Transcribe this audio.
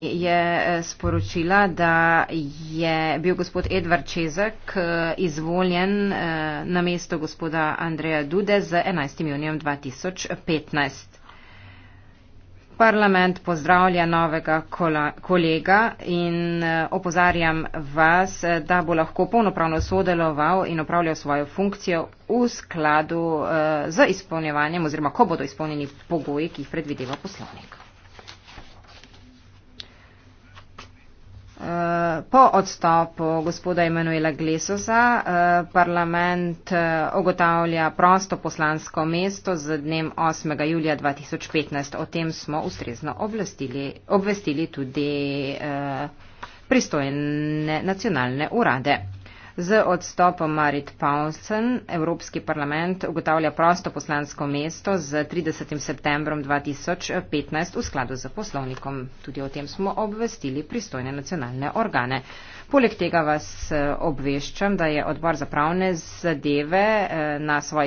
je eh, sporočila, da je bil gospod Edvard Čezek eh, izvoljen eh, na mesto gospoda Andreja Dude z 11. junijem 2015. Parlament pozdravlja novega kola, kolega in opozarjam vas, da bo lahko polnopravno sodeloval in opravljal svojo funkcijo v skladu z izpolnjevanjem oziroma ko bodo izpolnjeni pogoji, ki jih predvideva poslovnik. po odstopu gospoda Emanuela Glesosa eh, parlament ogotavlja eh, prosto poslansko mesto z dnem 8. julija 2015. O tem smo ustrezno obvestili tudi eh, pristojne nacionalne urade. Z odstopom Marit Paulsen Evropski parlament ugotavlja prosto poslansko mesto z 30. septembrom 2015 v skladu z poslovnikom. Tudi o tem smo obvestili pristojne nacionalne organe. Poleg tega vas eh, obveščam, da je odbor za pravne zadeve eh, na svoji